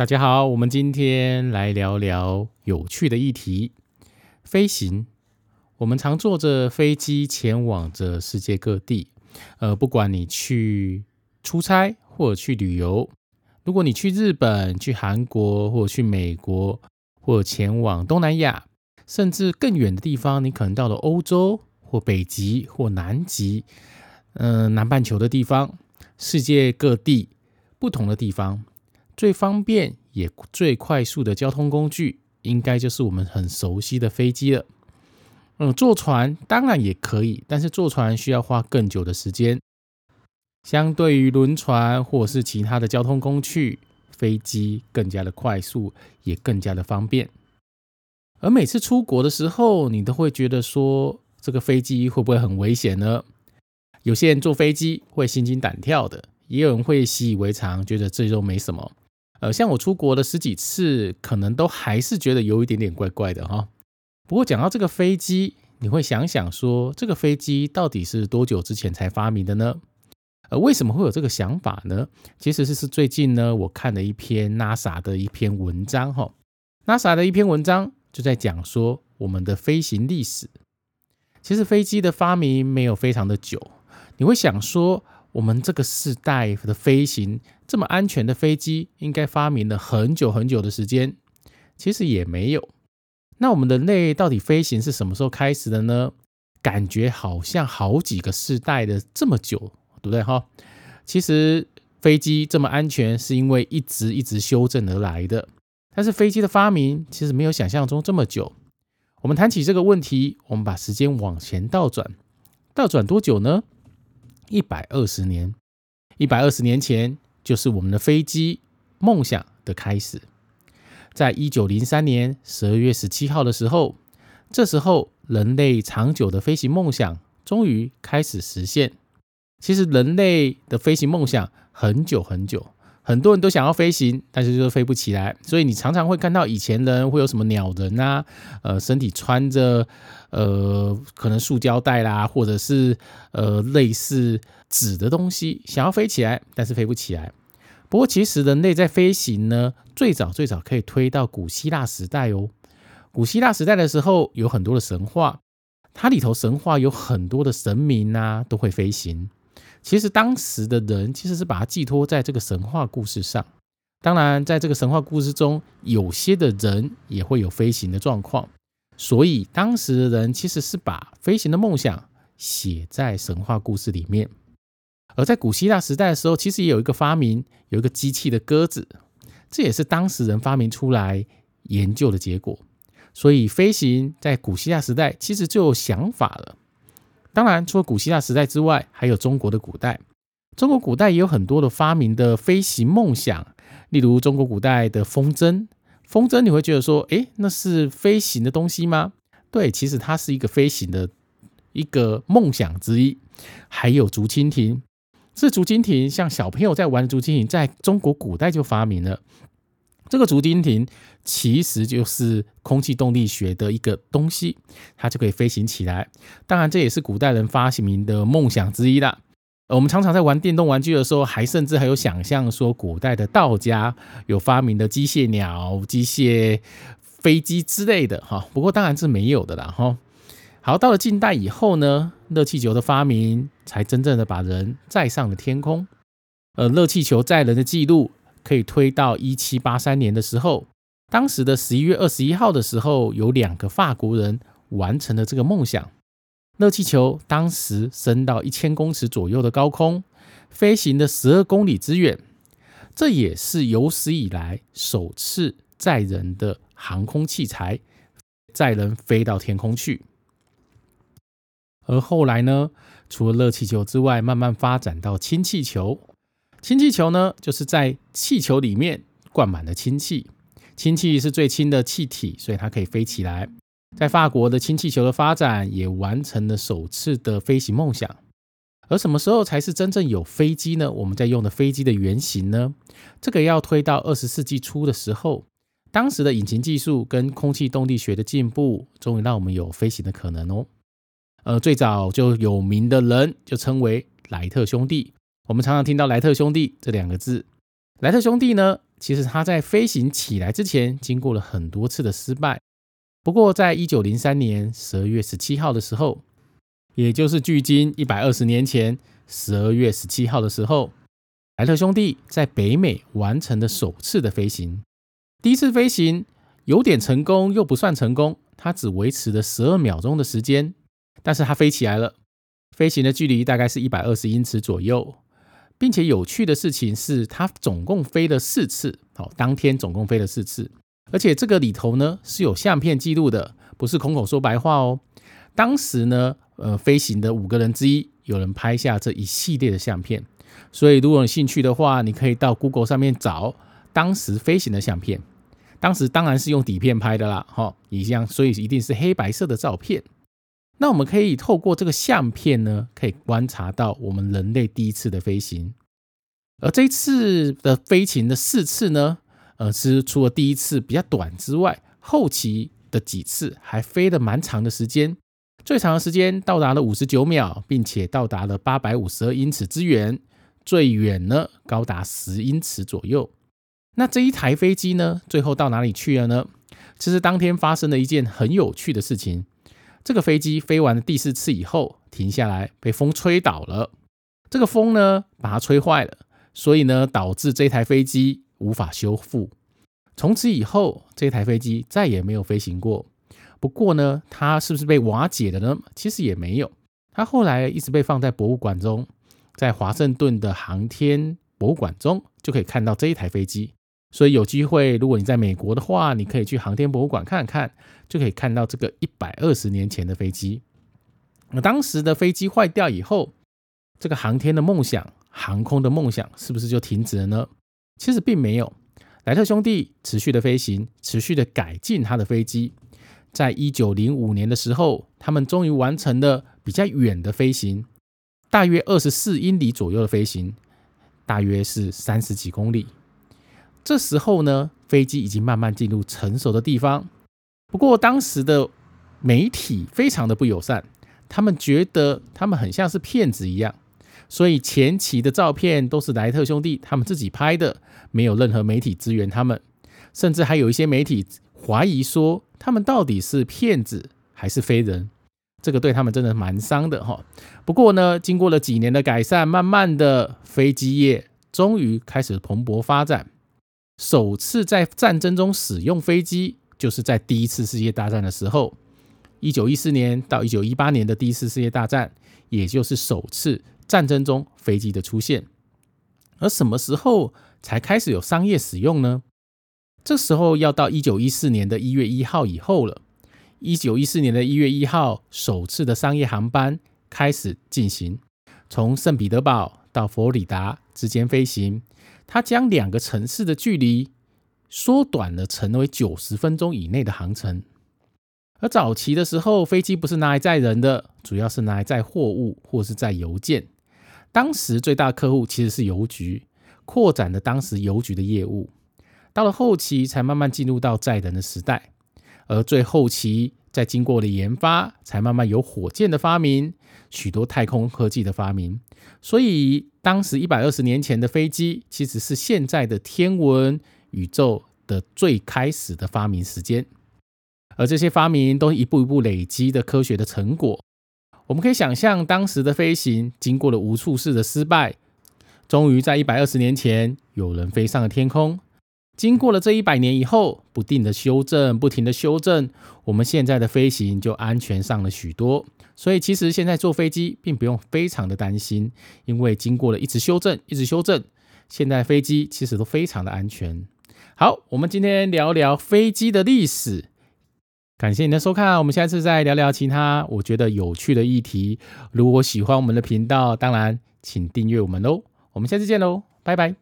大家好，我們今天來聊聊有趣的議題——飛行。我們常坐着飛機前往着世界各地。呃，不管你去出差或者去旅遊，如果你去日本、去韓國，或者去美國，或者前往東南亞，甚至更遠的地方，你可能到了歐洲、或北極、或南極，嗯、呃，南半球的地方，世界各地不同的地方。最方便也最快速的交通工具，應該就是我們很熟悉的飛機了。嗯，坐船當然也可以，但是坐船需要花更久的時間。相對於輪船或者是其他的交通工具，飛機更加的快速，也更加的方便。而每次出國的時候，你都會覺得說，這個飛機會不會很危險呢？有些人坐飛機會心驚膽跳的，也有人會習以為常，覺得這都沒什麼。呃，像我出國了十幾次，可能都還是覺得有一點點怪怪的哈。不過講到這個飛機，你會想想說，這個飛機到底是多久之前才發明的呢？呃，為什麼會有這個想法呢？其實是是最近呢，我看了一篇 NASA 的一篇文章哈，NASA 的一篇文章就在講說我們的飛行歷史。其實飛機的發明沒有非常的久，你會想說。我們這個世代的飛行這麼安全的飛機，應該發明了很久很久的時間，其實也沒有。那我們人類到底飛行是什麼時候開始的呢？感覺好像好幾個世代的這麼久，對不對哈？其實飛機這麼安全，是因為一直一直修正而來的。但是飛機的發明，其實沒有想象中這麼久。我們談起這個問題，我們把時間往前倒轉，倒轉多久呢？一百二十年，一百二十年前，就是我們的飛機夢想的開始。在一九零三年十二月十七號的時候，這時候人類長久的飛行夢想終於開始實現。其實，人類的飛行夢想很久很久。很多人都想要飛行，但是就是飛不起來，所以你常常會看到以前人會有什麼鳥人啊，呃，身體穿着呃可能塑膠袋啦，或者是呃類似紙的東西，想要飛起來，但是飛不起來。不過其實人類在飛行呢，最早最早可以推到古希臘時代哦。古希臘時代的時候，有很多的神話，它裡頭神話有很多的神明啊，都會飛行。其實當時的人其實是把它寄託在這個神話故事上。當然，在這個神話故事中，有些的人也會有飛行的狀況。所以當時的人其實是把飛行的夢想寫在神話故事裡面。而在古希臘時代的時候，其實也有一個發明，有一個機器的鴿子，這也是當時人發明出來研究的結果。所以飛行在古希臘時代其實就有想法了。當然，除了古希臘時代之外，還有中國的古代。中國古代也有很多的發明的飛行夢想，例如中國古代的風箏。風箏你會覺得說，誒，那是飛行的東西嗎？對，其實它是一個飛行的一個夢想之一。還有竹蜻蜓，這竹蜻蜓像小朋友在玩的竹蜻蜓，在中國古代就發明了。這個竹蜻蜓其實就是空氣動力學的一個東西，它就可以飛行起來。當然，這也是古代人發明的夢想之一啦。呃，我們常常在玩電動玩具的時候，還甚至還有想象說，古代的道家有發明的機械鳥、機械飛機之類的哈。不過，當然是沒有的啦哈。好，到了近代以後呢，熱氣球的發明才真正的把人載上了天空。呃，熱氣球載人的記錄。可以推到一七八三年的時候，當時的十一月二十一號的時候，有兩個法國人完成了這個夢想。熱氣球當時升到一千公尺左右的高空，飛行了十二公里之遠。這也是有史以來首次載人的航空器材，載人飛到天空去。而後來呢，除了熱氣球之外，慢慢發展到氫氣球。氫氣球呢，就是在氣球裡面灌滿了氫氣，氫氣是最輕的氣體，所以它可以飛起來。在法國的氫氣球的發展也完成了首次的飛行夢想。而什麼時候才是真正有飛機呢？我們在用的飛機的原型呢？這個要推到二十世紀初的時候，當時的引擎技術跟空氣動力學的進步，終於讓我們有飛行的可能哦。呃，最早就有名的人就稱為萊特兄弟。我們常常聽到“萊特兄弟”這兩個字。萊特兄弟呢，其實他在飛行起來之前，經過了很多次的失敗。不過，在一九零三年十二月十七號的時候，也就是距今一百二十年前十二月十七號的時候，萊特兄弟在北美完成了首次的飛行。第一次飛行有點成功，又不算成功，他只維持了十二秒鐘的時間，但是他飛起來了。飛行的距離大概是一百二十英尺左右。並且有趣的事情是，它總共飛了四次，好、哦，當天總共飛了四次，而且這個裡頭呢是有相片記錄的，不是空口說白話哦。當時呢，呃，飛行的五個人之一，有人拍下這一系列的相片，所以如果有興趣的話，你可以到 Google 上面找當時飛行的相片。當時當然是用底片拍的啦，好、哦，一樣，所以一定是黑白色的照片。那我們可以透過這個相片呢，可以觀察到我們人類第一次的飛行。而這一次的飛行的四次呢，呃，是除了第一次比較短之外，後期的幾次還飛了蠻長的時間，最長的時間到達了五十九秒，並且到達了八百五十二英尺之遠，最遠呢，高達十英尺左右。那這一台飛機呢，最後到哪裡去了呢？其實當天發生了一件很有趣的事情。這個飛機飛完了第四次以後，停下來被風吹倒了。這個風呢，把它吹壞了，所以呢，導致這台飛機無法修復。從此以後，這台飛機再也沒有飛行過。不過呢，它是不是被瓦解的呢？其實也沒有，它後來一直被放在博物館中，在華盛頓的航天博物館中就可以看到這一台飛機。所以有機會，如果你在美國的話，你可以去航天博物館看看，就可以看到這個一百二十年前的飛機。那當時的飛機壞掉以後，這個航天的夢想、航空的夢想是不是就停止了呢？其實並沒有，萊特兄弟持續的飛行，持續的改進他的飛機。在一九零五年的時候，他們終於完成了比較遠的飛行，大約二十四英里左右的飛行，大約是三十幾公里。這時候呢，飛機已經慢慢進入成熟的地方。不過當時的媒體非常的不友善，他們覺得他們很像是騙子一樣，所以前期的照片都是萊特兄弟他們自己拍的，沒有任何媒體支援他們，甚至還有一些媒體懷疑說他們到底是騙子還是飛人，這個對他們真的蠻傷的哈、哦。不過呢，經過了幾年的改善，慢慢的飛機業終於開始蓬勃發展。首次在戰爭中使用飛機，就是在第一次世界大戰的時候，一九一四年到一九一八年的第一次世界大戰，也就是首次戰爭中飛機的出現。而什麼時候才開始有商業使用呢？這時候要到一九一四年的一月一號以後了。一九一四年的一月一號，首次的商業航班開始進行，從聖彼得堡到佛羅里達之間飛行。它將兩個城市的距離縮短了，成為九十分鐘以內的航程。而早期的時候，飛機不是拿來載人的，主要是拿來載貨物或是載郵件。當時最大客戶其實是郵局，擴展了當時郵局的業務。到了後期，才慢慢進入到載人的時代。而最後期。在經過了研發，才慢慢有火箭的發明，許多太空科技的發明。所以，當時一百二十年前的飛機，其實是現在的天文宇宙的最開始的發明時間。而這些發明，都是一步一步累積的科學的成果。我們可以想象，當時的飛行，經過了無數次的失敗，終於在一百二十年前，有人飛上了天空。經過了這一百年以後，不定的修正，不停的修正，我們現在的飛行就安全上了許多。所以，其實現在坐飛機並不用非常的擔心，因為經過了一直修正，一直修正，現在飛機其實都非常的安全。好，我們今天聊聊飛機的歷史。感謝您的收看，我們下次再聊聊其他我覺得有趣的議題。如果喜歡我們的頻道，當然請訂閱我們嘍。我們下次見嘍，拜拜。